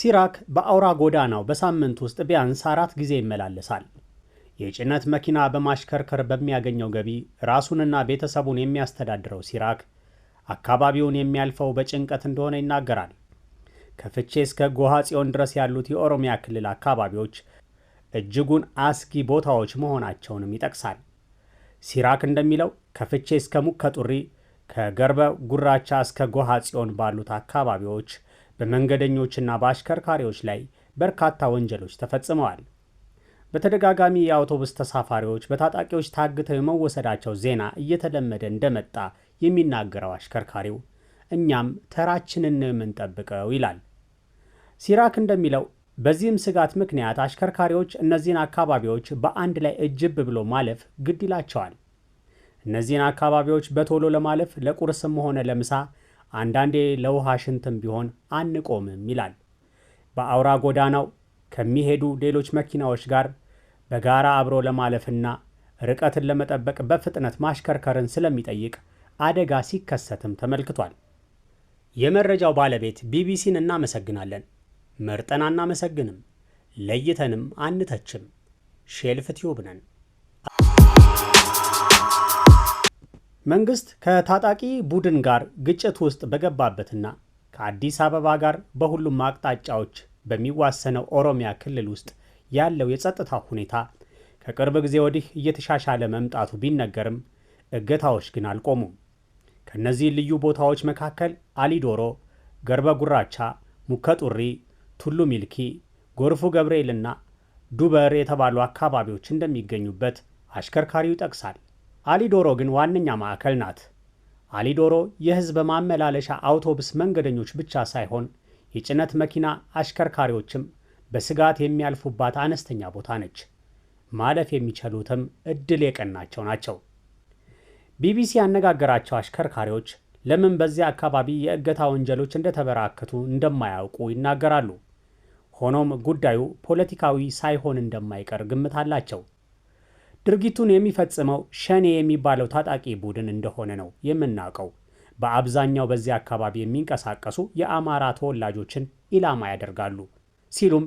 ሲራክ በአውራ ጎዳናው በሳምንት ውስጥ ቢያንስ አራት ጊዜ ይመላለሳል። የጭነት መኪና በማሽከርከር በሚያገኘው ገቢ ራሱንና ቤተሰቡን የሚያስተዳድረው ሲራክ አካባቢውን የሚያልፈው በጭንቀት እንደሆነ ይናገራል። ከፍቼ እስከ ጎሃ ጽዮን ድረስ ያሉት የኦሮሚያ ክልል አካባቢዎች እጅጉን አስጊ ቦታዎች መሆናቸውንም ይጠቅሳል። ሲራክ እንደሚለው ከፍቼ እስከ ሙከ ጡሪ፣ ከገርበ ጉራቻ እስከ ጎሃ ጽዮን ባሉት አካባቢዎች በመንገደኞችና በአሽከርካሪዎች ላይ በርካታ ወንጀሎች ተፈጽመዋል። በተደጋጋሚ የአውቶቡስ ተሳፋሪዎች በታጣቂዎች ታግተው የመወሰዳቸው ዜና እየተለመደ እንደመጣ የሚናገረው አሽከርካሪው እኛም ተራችንን የምንጠብቀው ይላል። ሲራክ እንደሚለው በዚህም ስጋት ምክንያት አሽከርካሪዎች እነዚህን አካባቢዎች በአንድ ላይ እጅብ ብሎ ማለፍ ግድ ይላቸዋል። እነዚህን አካባቢዎች በቶሎ ለማለፍ ለቁርስም ሆነ ለምሳ አንዳንዴ ለውሃ ሽንትም ቢሆን አንቆምም ይላል። በአውራ ጎዳናው ከሚሄዱ ሌሎች መኪናዎች ጋር በጋራ አብሮ ለማለፍና ርቀትን ለመጠበቅ በፍጥነት ማሽከርከርን ስለሚጠይቅ አደጋ ሲከሰትም ተመልክቷል። የመረጃው ባለቤት ቢቢሲን እናመሰግናለን። መርጠን አናመሰግንም፣ ለይተንም አንተችም። ሼልፍ ቲዩብ ነን። መንግስት ከታጣቂ ቡድን ጋር ግጭት ውስጥ በገባበትና ከአዲስ አበባ ጋር በሁሉም አቅጣጫዎች በሚዋሰነው ኦሮሚያ ክልል ውስጥ ያለው የጸጥታ ሁኔታ ከቅርብ ጊዜ ወዲህ እየተሻሻለ መምጣቱ ቢነገርም እገታዎች ግን አልቆሙም። ከእነዚህ ልዩ ቦታዎች መካከል አሊዶሮ፣ ገርበ ጉራቻ፣ ሙከጡሪ፣ ቱሉ ሚልኪ፣ ጎርፉ ገብርኤልና ዱበር የተባሉ አካባቢዎች እንደሚገኙበት አሽከርካሪው ይጠቅሳል። አሊዶሮ ግን ዋነኛ ማዕከል ናት። አሊዶሮ የህዝብ ማመላለሻ አውቶቡስ መንገደኞች ብቻ ሳይሆን የጭነት መኪና አሽከርካሪዎችም በስጋት የሚያልፉባት አነስተኛ ቦታ ነች። ማለፍ የሚችሉትም እድል የቀናቸው ናቸው። ቢቢሲ ያነጋገራቸው አሽከርካሪዎች ለምን በዚያ አካባቢ የእገታ ወንጀሎች እንደተበራከቱ እንደማያውቁ ይናገራሉ። ሆኖም ጉዳዩ ፖለቲካዊ ሳይሆን እንደማይቀር ግምት አላቸው። ድርጊቱን የሚፈጽመው ሸኔ የሚባለው ታጣቂ ቡድን እንደሆነ ነው የምናውቀው። በአብዛኛው በዚህ አካባቢ የሚንቀሳቀሱ የአማራ ተወላጆችን ኢላማ ያደርጋሉ ሲሉም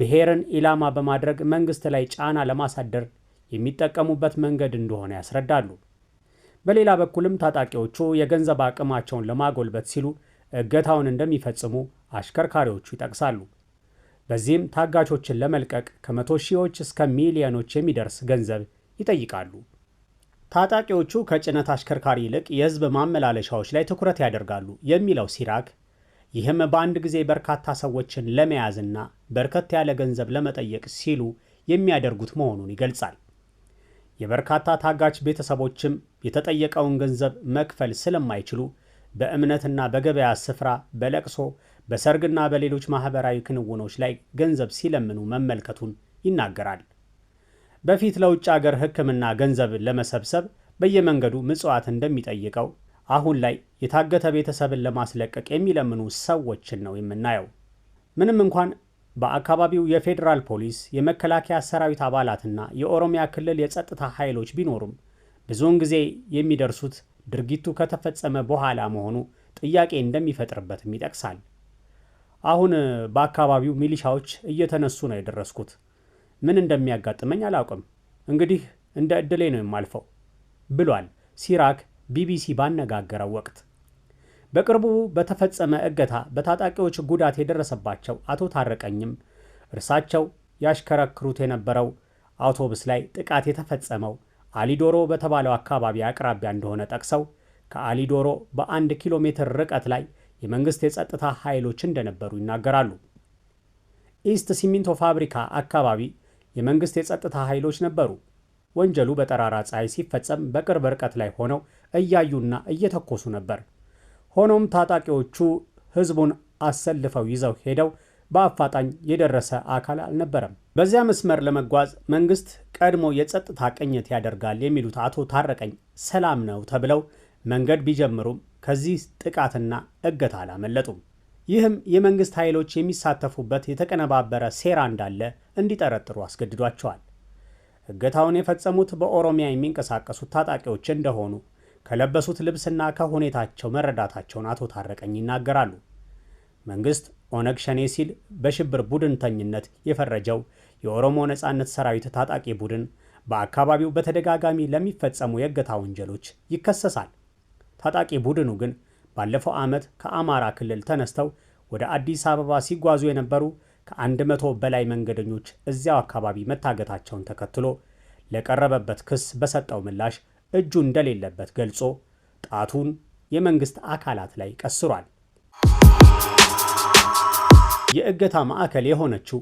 ብሔርን ኢላማ በማድረግ መንግስት ላይ ጫና ለማሳደር የሚጠቀሙበት መንገድ እንደሆነ ያስረዳሉ። በሌላ በኩልም ታጣቂዎቹ የገንዘብ አቅማቸውን ለማጎልበት ሲሉ እገታውን እንደሚፈጽሙ አሽከርካሪዎቹ ይጠቅሳሉ። በዚህም ታጋቾችን ለመልቀቅ ከመቶ ሺዎች እስከ ሚሊዮኖች የሚደርስ ገንዘብ ይጠይቃሉ። ታጣቂዎቹ ከጭነት አሽከርካሪ ይልቅ የህዝብ ማመላለሻዎች ላይ ትኩረት ያደርጋሉ የሚለው ሲራክ ይህም በአንድ ጊዜ በርካታ ሰዎችን ለመያዝና በርከት ያለ ገንዘብ ለመጠየቅ ሲሉ የሚያደርጉት መሆኑን ይገልጻል። የበርካታ ታጋች ቤተሰቦችም የተጠየቀውን ገንዘብ መክፈል ስለማይችሉ በእምነትና በገበያ ስፍራ፣ በለቅሶ፣ በሰርግና በሌሎች ማህበራዊ ክንውኖች ላይ ገንዘብ ሲለምኑ መመልከቱን ይናገራል። በፊት ለውጭ አገር ሕክምና ገንዘብ ለመሰብሰብ በየመንገዱ ምጽዋት እንደሚጠይቀው አሁን ላይ የታገተ ቤተሰብን ለማስለቀቅ የሚለምኑ ሰዎችን ነው የምናየው። ምንም እንኳን በአካባቢው የፌዴራል ፖሊስ፣ የመከላከያ ሰራዊት አባላትና የኦሮሚያ ክልል የጸጥታ ኃይሎች ቢኖሩም ብዙውን ጊዜ የሚደርሱት ድርጊቱ ከተፈጸመ በኋላ መሆኑ ጥያቄ እንደሚፈጥርበትም ይጠቅሳል። አሁን በአካባቢው ሚሊሻዎች እየተነሱ ነው የደረስኩት ምን እንደሚያጋጥመኝ አላውቅም። እንግዲህ እንደ ዕድሌ ነው የማልፈው ብሏል ሲራክ ቢቢሲ ባነጋገረው ወቅት። በቅርቡ በተፈጸመ እገታ በታጣቂዎች ጉዳት የደረሰባቸው አቶ ታረቀኝም እርሳቸው ያሽከረክሩት የነበረው አውቶቡስ ላይ ጥቃት የተፈጸመው አሊዶሮ በተባለው አካባቢ አቅራቢያ እንደሆነ ጠቅሰው ከአሊዶሮ በአንድ ኪሎ ሜትር ርቀት ላይ የመንግሥት የጸጥታ ኃይሎች እንደነበሩ ይናገራሉ። ኢስት ሲሚንቶ ፋብሪካ አካባቢ የመንግስት የጸጥታ ኃይሎች ነበሩ። ወንጀሉ በጠራራ ፀሐይ ሲፈጸም በቅርብ ርቀት ላይ ሆነው እያዩና እየተኮሱ ነበር። ሆኖም ታጣቂዎቹ ህዝቡን አሰልፈው ይዘው ሄደው በአፋጣኝ የደረሰ አካል አልነበረም። በዚያ መስመር ለመጓዝ መንግስት ቀድሞ የጸጥታ ቅኝት ያደርጋል የሚሉት አቶ ታረቀኝ ሰላም ነው ተብለው መንገድ ቢጀምሩም ከዚህ ጥቃትና እገታ አላመለጡም። ይህም የመንግስት ኃይሎች የሚሳተፉበት የተቀነባበረ ሴራ እንዳለ እንዲጠረጥሩ አስገድዷቸዋል። እገታውን የፈጸሙት በኦሮሚያ የሚንቀሳቀሱት ታጣቂዎች እንደሆኑ ከለበሱት ልብስና ከሁኔታቸው መረዳታቸውን አቶ ታረቀኝ ይናገራሉ። መንግስት ኦነግ ሸኔ ሲል በሽብር ቡድንተኝነት የፈረጀው የኦሮሞ ነጻነት ሰራዊት ታጣቂ ቡድን በአካባቢው በተደጋጋሚ ለሚፈጸሙ የእገታ ወንጀሎች ይከሰሳል። ታጣቂ ቡድኑ ግን ባለፈው ዓመት ከአማራ ክልል ተነስተው ወደ አዲስ አበባ ሲጓዙ የነበሩ ከአንድ መቶ በላይ መንገደኞች እዚያው አካባቢ መታገታቸውን ተከትሎ ለቀረበበት ክስ በሰጠው ምላሽ እጁ እንደሌለበት ገልጾ ጣቱን የመንግስት አካላት ላይ ቀስሯል። የእገታ ማዕከል የሆነችው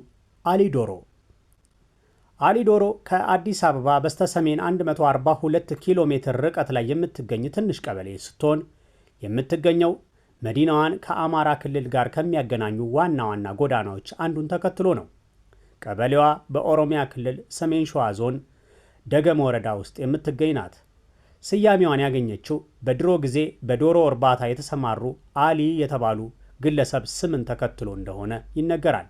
አሊዶሮ አሊዶሮ ከአዲስ አበባ በስተሰሜን 142 ኪሎ ሜትር ርቀት ላይ የምትገኝ ትንሽ ቀበሌ ስትሆን የምትገኘው መዲናዋን ከአማራ ክልል ጋር ከሚያገናኙ ዋና ዋና ጎዳናዎች አንዱን ተከትሎ ነው። ቀበሌዋ በኦሮሚያ ክልል ሰሜን ሸዋ ዞን ደገም ወረዳ ውስጥ የምትገኝ ናት። ስያሜዋን ያገኘችው በድሮ ጊዜ በዶሮ እርባታ የተሰማሩ አሊ የተባሉ ግለሰብ ስምን ተከትሎ እንደሆነ ይነገራል።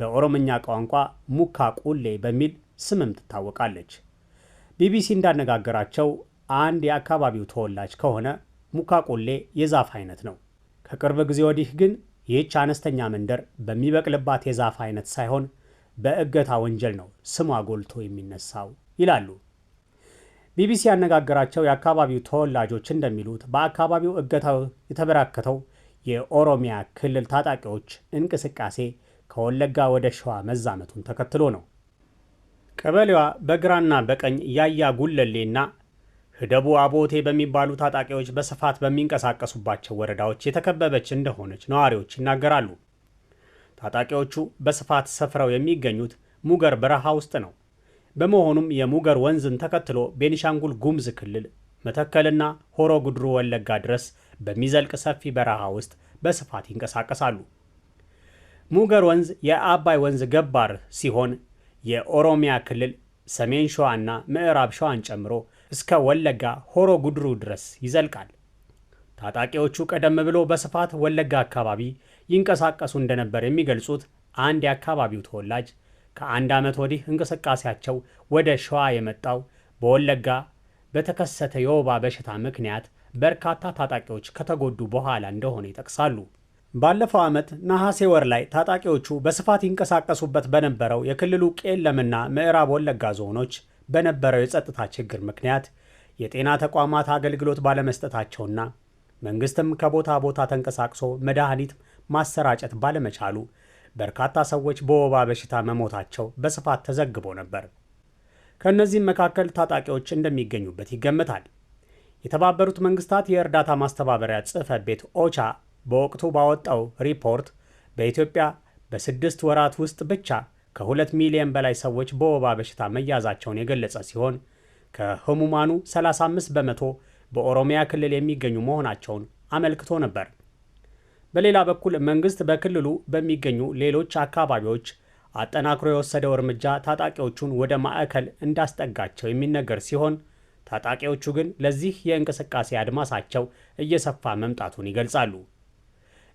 በኦሮምኛ ቋንቋ ሙካ ቁሌ በሚል ስምም ትታወቃለች። ቢቢሲ እንዳነጋገራቸው አንድ የአካባቢው ተወላጅ ከሆነ ሙካ ቆሌ የዛፍ አይነት ነው። ከቅርብ ጊዜ ወዲህ ግን ይህች አነስተኛ መንደር በሚበቅልባት የዛፍ አይነት ሳይሆን በእገታ ወንጀል ነው ስሟ ጎልቶ የሚነሳው ይላሉ። ቢቢሲ ያነጋገራቸው የአካባቢው ተወላጆች እንደሚሉት በአካባቢው እገታው የተበራከተው የኦሮሚያ ክልል ታጣቂዎች እንቅስቃሴ ከወለጋ ወደ ሸዋ መዛመቱን ተከትሎ ነው። ቀበሌዋ በግራና በቀኝ ያያ ጉለሌና ህደቡ አቦቴ በሚባሉ ታጣቂዎች በስፋት በሚንቀሳቀሱባቸው ወረዳዎች የተከበበች እንደሆነች ነዋሪዎች ይናገራሉ። ታጣቂዎቹ በስፋት ሰፍረው የሚገኙት ሙገር በረሃ ውስጥ ነው። በመሆኑም የሙገር ወንዝን ተከትሎ ቤኒሻንጉል ጉሙዝ ክልል መተከልና ሆሮ ጉድሩ ወለጋ ድረስ በሚዘልቅ ሰፊ በረሃ ውስጥ በስፋት ይንቀሳቀሳሉ። ሙገር ወንዝ የአባይ ወንዝ ገባር ሲሆን የኦሮሚያ ክልል ሰሜን ሸዋ እና ምዕራብ ሸዋን ጨምሮ እስከ ወለጋ ሆሮ ጉድሩ ድረስ ይዘልቃል። ታጣቂዎቹ ቀደም ብሎ በስፋት ወለጋ አካባቢ ይንቀሳቀሱ እንደነበር የሚገልጹት አንድ የአካባቢው ተወላጅ ከአንድ ዓመት ወዲህ እንቅስቃሴያቸው ወደ ሸዋ የመጣው በወለጋ በተከሰተ የወባ በሽታ ምክንያት በርካታ ታጣቂዎች ከተጎዱ በኋላ እንደሆነ ይጠቅሳሉ። ባለፈው ዓመት ነሐሴ ወር ላይ ታጣቂዎቹ በስፋት ይንቀሳቀሱበት በነበረው የክልሉ ቄለምና ምዕራብ ወለጋ ዞኖች በነበረው የጸጥታ ችግር ምክንያት የጤና ተቋማት አገልግሎት ባለመስጠታቸውና መንግስትም ከቦታ ቦታ ተንቀሳቅሶ መድኃኒት ማሰራጨት ባለመቻሉ በርካታ ሰዎች በወባ በሽታ መሞታቸው በስፋት ተዘግቦ ነበር። ከእነዚህም መካከል ታጣቂዎች እንደሚገኙበት ይገምታል የተባበሩት መንግስታት የእርዳታ ማስተባበሪያ ጽሕፈት ቤት ኦቻ በወቅቱ ባወጣው ሪፖርት በኢትዮጵያ በስድስት ወራት ውስጥ ብቻ ከሁለት ሚሊየን በላይ ሰዎች በወባ በሽታ መያዛቸውን የገለጸ ሲሆን ከህሙማኑ 35 በመቶ በኦሮሚያ ክልል የሚገኙ መሆናቸውን አመልክቶ ነበር። በሌላ በኩል መንግስት በክልሉ በሚገኙ ሌሎች አካባቢዎች አጠናክሮ የወሰደው እርምጃ ታጣቂዎቹን ወደ ማዕከል እንዳስጠጋቸው የሚነገር ሲሆን ታጣቂዎቹ ግን ለዚህ የእንቅስቃሴ አድማሳቸው እየሰፋ መምጣቱን ይገልጻሉ።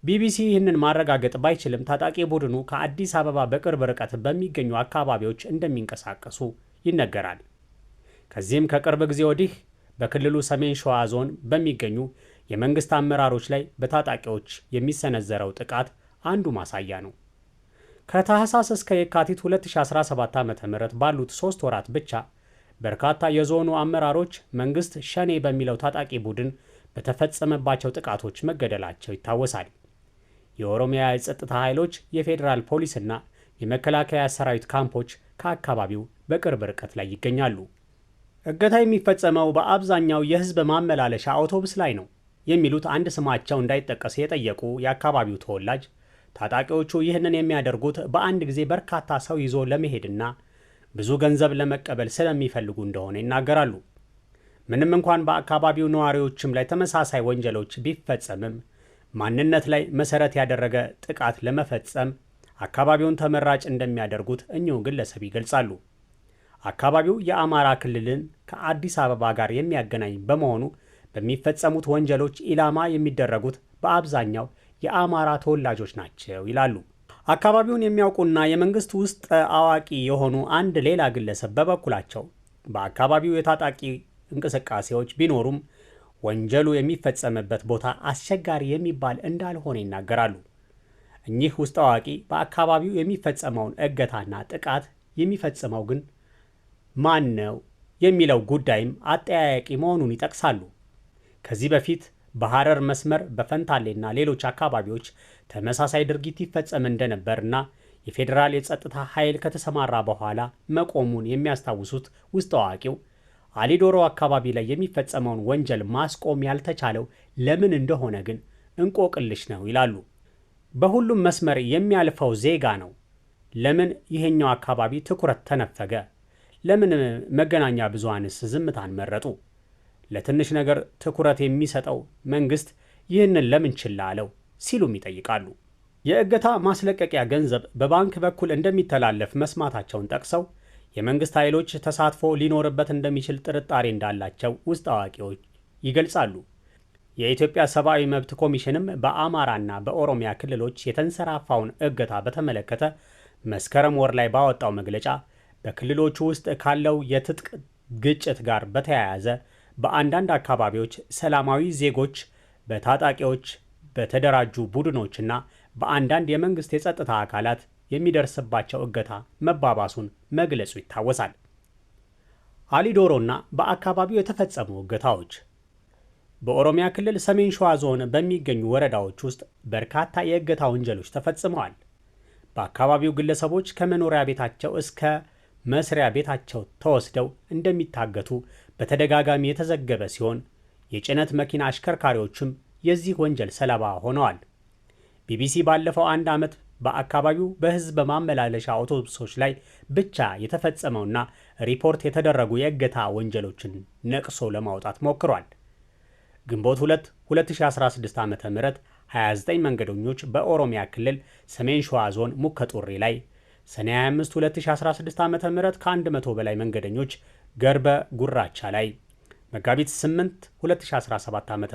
ቢቢሲ ይህንን ማረጋገጥ ባይችልም ታጣቂ ቡድኑ ከአዲስ አበባ በቅርብ ርቀት በሚገኙ አካባቢዎች እንደሚንቀሳቀሱ ይነገራል። ከዚህም ከቅርብ ጊዜ ወዲህ በክልሉ ሰሜን ሸዋ ዞን በሚገኙ የመንግስት አመራሮች ላይ በታጣቂዎች የሚሰነዘረው ጥቃት አንዱ ማሳያ ነው። ከታህሳስ እስከ የካቲት 2017 ዓ ም ባሉት ሶስት ወራት ብቻ በርካታ የዞኑ አመራሮች መንግስት ሸኔ በሚለው ታጣቂ ቡድን በተፈጸመባቸው ጥቃቶች መገደላቸው ይታወሳል። የኦሮሚያ የጸጥታ ኃይሎች የፌዴራል ፖሊስና የመከላከያ ሰራዊት ካምፖች ከአካባቢው በቅርብ ርቀት ላይ ይገኛሉ። እገታ የሚፈጸመው በአብዛኛው የህዝብ ማመላለሻ አውቶቡስ ላይ ነው የሚሉት አንድ ስማቸው እንዳይጠቀስ የጠየቁ የአካባቢው ተወላጅ ታጣቂዎቹ ይህንን የሚያደርጉት በአንድ ጊዜ በርካታ ሰው ይዞ ለመሄድና ብዙ ገንዘብ ለመቀበል ስለሚፈልጉ እንደሆነ ይናገራሉ። ምንም እንኳን በአካባቢው ነዋሪዎችም ላይ ተመሳሳይ ወንጀሎች ቢፈጸምም ማንነት ላይ መሰረት ያደረገ ጥቃት ለመፈጸም አካባቢውን ተመራጭ እንደሚያደርጉት እኚሁ ግለሰብ ይገልጻሉ። አካባቢው የአማራ ክልልን ከአዲስ አበባ ጋር የሚያገናኝ በመሆኑ በሚፈጸሙት ወንጀሎች ኢላማ የሚደረጉት በአብዛኛው የአማራ ተወላጆች ናቸው ይላሉ። አካባቢውን የሚያውቁና የመንግስት ውስጥ አዋቂ የሆኑ አንድ ሌላ ግለሰብ በበኩላቸው በአካባቢው የታጣቂ እንቅስቃሴዎች ቢኖሩም ወንጀሉ የሚፈጸምበት ቦታ አስቸጋሪ የሚባል እንዳልሆነ ይናገራሉ። እኚህ ውስጥ አዋቂ በአካባቢው የሚፈጸመውን እገታና ጥቃት የሚፈጽመው ግን ማን ነው የሚለው ጉዳይም አጠያያቂ መሆኑን ይጠቅሳሉ። ከዚህ በፊት በሐረር መስመር በፈንታሌና ሌሎች አካባቢዎች ተመሳሳይ ድርጊት ይፈጸም እንደነበርና የፌዴራል የጸጥታ ኃይል ከተሰማራ በኋላ መቆሙን የሚያስታውሱት ውስጥ አዋቂው አሊዶሮ አካባቢ ላይ የሚፈጸመውን ወንጀል ማስቆም ያልተቻለው ለምን እንደሆነ ግን እንቆቅልሽ ነው ይላሉ። በሁሉም መስመር የሚያልፈው ዜጋ ነው። ለምን ይሄኛው አካባቢ ትኩረት ተነፈገ? ለምን መገናኛ ብዙሃንስ ዝምታን መረጡ? ለትንሽ ነገር ትኩረት የሚሰጠው መንግስት ይህንን ለምን ችላ አለው? ሲሉም ይጠይቃሉ። የእገታ ማስለቀቂያ ገንዘብ በባንክ በኩል እንደሚተላለፍ መስማታቸውን ጠቅሰው የመንግስት ኃይሎች ተሳትፎ ሊኖርበት እንደሚችል ጥርጣሬ እንዳላቸው ውስጥ አዋቂዎች ይገልጻሉ። የኢትዮጵያ ሰብአዊ መብት ኮሚሽንም በአማራና በኦሮሚያ ክልሎች የተንሰራፋውን እገታ በተመለከተ መስከረም ወር ላይ ባወጣው መግለጫ በክልሎቹ ውስጥ ካለው የትጥቅ ግጭት ጋር በተያያዘ በአንዳንድ አካባቢዎች ሰላማዊ ዜጎች በታጣቂዎች በተደራጁ ቡድኖችና በአንዳንድ የመንግስት የጸጥታ አካላት የሚደርስባቸው እገታ መባባሱን መግለጹ ይታወሳል። አሊዶሮና በአካባቢው የተፈጸሙ እገታዎች በኦሮሚያ ክልል ሰሜን ሸዋ ዞን በሚገኙ ወረዳዎች ውስጥ በርካታ የእገታ ወንጀሎች ተፈጽመዋል። በአካባቢው ግለሰቦች ከመኖሪያ ቤታቸው እስከ መስሪያ ቤታቸው ተወስደው እንደሚታገቱ በተደጋጋሚ የተዘገበ ሲሆን የጭነት መኪና አሽከርካሪዎችም የዚህ ወንጀል ሰለባ ሆነዋል። ቢቢሲ ባለፈው አንድ ዓመት በአካባቢው በህዝብ ማመላለሻ አውቶቡሶች ላይ ብቻ የተፈጸመውና ሪፖርት የተደረጉ የእገታ ወንጀሎችን ነቅሶ ለማውጣት ሞክሯል። ግንቦት 2 2016 ዓ ም 29 መንገደኞች በኦሮሚያ ክልል ሰሜን ሸዋ ዞን ሙከ ጡሪ ላይ፣ ሰኔ 25 2016 ዓ ም ከ100 በላይ መንገደኞች ገርበ ጉራቻ ላይ፣ መጋቢት 8 2017 ዓ ም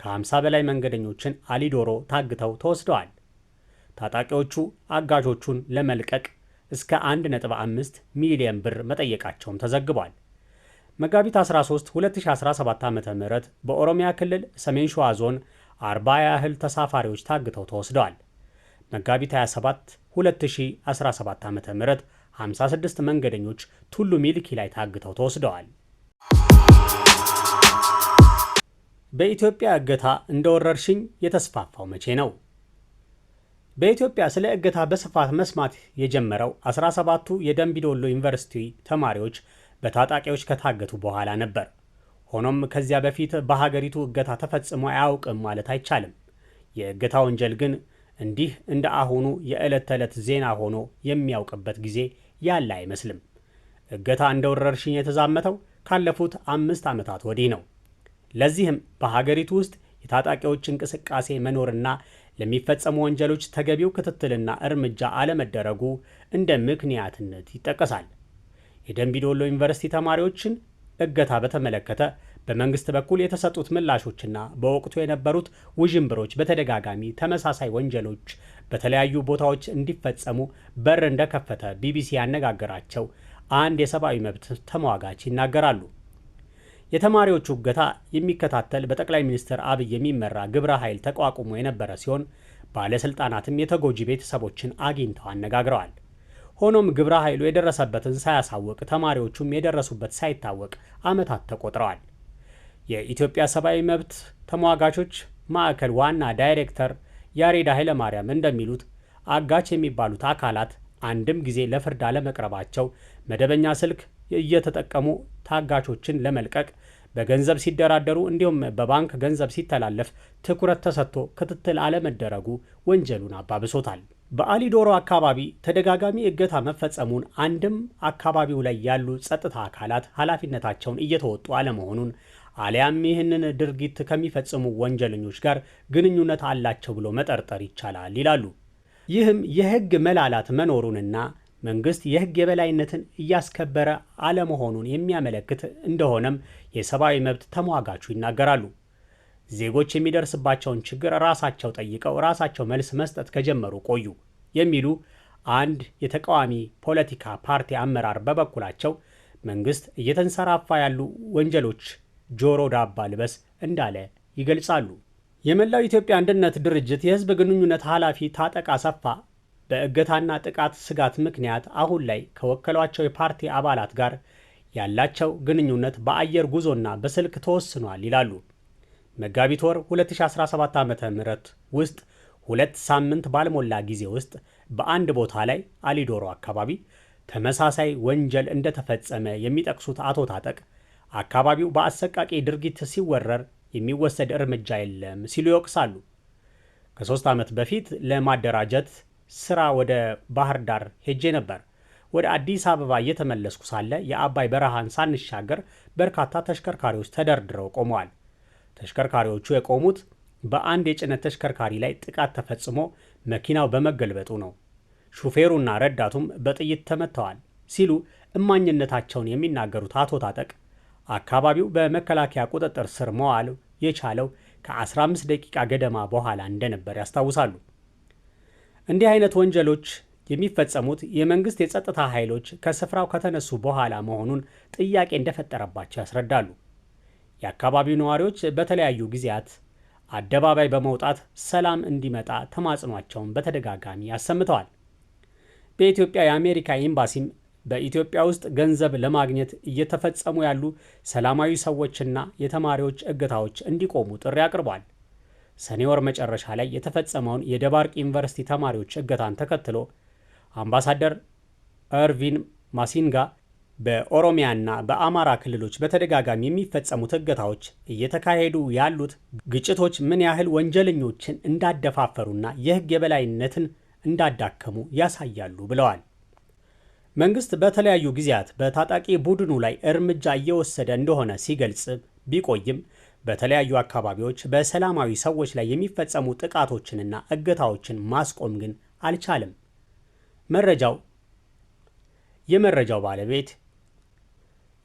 ከ50 በላይ መንገደኞችን አሊዶሮ ታግተው ተወስደዋል። ታጣቂዎቹ አጋዦቹን ለመልቀቅ እስከ 1.5 ሚሊዮን ብር መጠየቃቸውም ተዘግቧል። መጋቢት 13 2017 ዓ ም በኦሮሚያ ክልል ሰሜን ሸዋ ዞን 40 ያህል ተሳፋሪዎች ታግተው ተወስደዋል። መጋቢት 27 2017 ዓ ም 56 መንገደኞች ቱሉ ሚልኪ ላይ ታግተው ተወስደዋል። በኢትዮጵያ እገታ እንደ ወረርሽኝ የተስፋፋው መቼ ነው? በኢትዮጵያ ስለ እገታ በስፋት መስማት የጀመረው 17ቱ የደምቢዶሎ ዩኒቨርሲቲ ተማሪዎች በታጣቂዎች ከታገቱ በኋላ ነበር። ሆኖም ከዚያ በፊት በሀገሪቱ እገታ ተፈጽሞ አያውቅም ማለት አይቻልም። የእገታ ወንጀል ግን እንዲህ እንደ አሁኑ የዕለት ተዕለት ዜና ሆኖ የሚያውቅበት ጊዜ ያለ አይመስልም። እገታ እንደ ወረርሽኝ የተዛመተው ካለፉት አምስት ዓመታት ወዲህ ነው። ለዚህም በሀገሪቱ ውስጥ የታጣቂዎች እንቅስቃሴ መኖርና ለሚፈጸሙ ወንጀሎች ተገቢው ክትትልና እርምጃ አለመደረጉ እንደ ምክንያትነት ይጠቀሳል። የደንቢዶሎ ዩኒቨርሲቲ ተማሪዎችን እገታ በተመለከተ በመንግስት በኩል የተሰጡት ምላሾችና በወቅቱ የነበሩት ውዥንብሮች በተደጋጋሚ ተመሳሳይ ወንጀሎች በተለያዩ ቦታዎች እንዲፈጸሙ በር እንደከፈተ ቢቢሲ ያነጋገራቸው አንድ የሰብአዊ መብት ተሟጋች ይናገራሉ። የተማሪዎቹ እገታ የሚከታተል በጠቅላይ ሚኒስትር አብይ የሚመራ ግብረ ኃይል ተቋቁሞ የነበረ ሲሆን ባለስልጣናትም የተጎጂ ቤተሰቦችን አግኝተው አነጋግረዋል። ሆኖም ግብረ ኃይሉ የደረሰበትን ሳያሳውቅ ተማሪዎቹም የደረሱበት ሳይታወቅ ዓመታት ተቆጥረዋል። የኢትዮጵያ ሰብአዊ መብት ተሟጋቾች ማዕከል ዋና ዳይሬክተር ያሬድ ኃይለማርያም እንደሚሉት አጋች የሚባሉት አካላት አንድም ጊዜ ለፍርድ አለመቅረባቸው መደበኛ ስልክ እየተጠቀሙ ታጋቾችን ለመልቀቅ በገንዘብ ሲደራደሩ እንዲሁም በባንክ ገንዘብ ሲተላለፍ ትኩረት ተሰጥቶ ክትትል አለመደረጉ ወንጀሉን አባብሶታል። በአሊዶሮ አካባቢ ተደጋጋሚ እገታ መፈጸሙን አንድም አካባቢው ላይ ያሉ ጸጥታ አካላት ኃላፊነታቸውን እየተወጡ አለመሆኑን አሊያም ይህንን ድርጊት ከሚፈጽሙ ወንጀለኞች ጋር ግንኙነት አላቸው ብሎ መጠርጠር ይቻላል ይላሉ። ይህም የሕግ መላላት መኖሩንና መንግስት የህግ የበላይነትን እያስከበረ አለመሆኑን የሚያመለክት እንደሆነም የሰብአዊ መብት ተሟጋቹ ይናገራሉ። ዜጎች የሚደርስባቸውን ችግር ራሳቸው ጠይቀው ራሳቸው መልስ መስጠት ከጀመሩ ቆዩ የሚሉ አንድ የተቃዋሚ ፖለቲካ ፓርቲ አመራር በበኩላቸው መንግስት እየተንሰራፋ ያሉ ወንጀሎች ጆሮ ዳባ ልበስ እንዳለ ይገልጻሉ። የመላው ኢትዮጵያ አንድነት ድርጅት የህዝብ ግንኙነት ኃላፊ ታጠቅ አሰፋ በእገታና ጥቃት ስጋት ምክንያት አሁን ላይ ከወከሏቸው የፓርቲ አባላት ጋር ያላቸው ግንኙነት በአየር ጉዞና በስልክ ተወስኗል ይላሉ። መጋቢት ወር 2017 ዓ ም ውስጥ ሁለት ሳምንት ባልሞላ ጊዜ ውስጥ በአንድ ቦታ ላይ አሊዶሮ አካባቢ ተመሳሳይ ወንጀል እንደተፈጸመ የሚጠቅሱት አቶ ታጠቅ አካባቢው በአሰቃቂ ድርጊት ሲወረር የሚወሰድ እርምጃ የለም ሲሉ ይወቅሳሉ። ከሶስት ዓመት በፊት ለማደራጀት ስራ ወደ ባህር ዳር ሄጄ ነበር። ወደ አዲስ አበባ እየተመለስኩ ሳለ የአባይ በረሃን ሳንሻገር በርካታ ተሽከርካሪዎች ተደርድረው ቆመዋል። ተሽከርካሪዎቹ የቆሙት በአንድ የጭነት ተሽከርካሪ ላይ ጥቃት ተፈጽሞ መኪናው በመገልበጡ ነው። ሹፌሩና ረዳቱም በጥይት ተመትተዋል ሲሉ እማኝነታቸውን የሚናገሩት አቶ ታጠቅ አካባቢው በመከላከያ ቁጥጥር ስር መዋል የቻለው ከ15 ደቂቃ ገደማ በኋላ እንደነበር ያስታውሳሉ። እንዲህ አይነት ወንጀሎች የሚፈጸሙት የመንግስት የጸጥታ ኃይሎች ከስፍራው ከተነሱ በኋላ መሆኑን ጥያቄ እንደፈጠረባቸው ያስረዳሉ። የአካባቢው ነዋሪዎች በተለያዩ ጊዜያት አደባባይ በመውጣት ሰላም እንዲመጣ ተማጽኗቸውን በተደጋጋሚ አሰምተዋል። በኢትዮጵያ የአሜሪካ ኤምባሲም በኢትዮጵያ ውስጥ ገንዘብ ለማግኘት እየተፈጸሙ ያሉ ሰላማዊ ሰዎችና የተማሪዎች እገታዎች እንዲቆሙ ጥሪ አቅርቧል። ሰኔ ወር መጨረሻ ላይ የተፈጸመውን የደባርቅ ዩኒቨርሲቲ ተማሪዎች እገታን ተከትሎ አምባሳደር እርቪን ማሲንጋ በኦሮሚያና በአማራ ክልሎች በተደጋጋሚ የሚፈጸሙት እገታዎች እየተካሄዱ ያሉት ግጭቶች ምን ያህል ወንጀለኞችን እንዳደፋፈሩና የሕግ የበላይነትን እንዳዳከሙ ያሳያሉ ብለዋል። መንግስት በተለያዩ ጊዜያት በታጣቂ ቡድኑ ላይ እርምጃ እየወሰደ እንደሆነ ሲገልጽ ቢቆይም በተለያዩ አካባቢዎች በሰላማዊ ሰዎች ላይ የሚፈጸሙ ጥቃቶችንና እገታዎችን ማስቆም ግን አልቻለም። መረጃው የመረጃው ባለቤት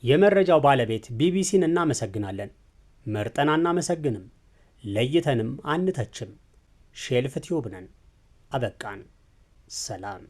የመረጃው ባለቤት ቢቢሲን እናመሰግናለን። መርጠን አናመሰግንም፣ ለይተንም አንተችም። ሼልፍ ቲዩብ ነን። አበቃን። ሰላም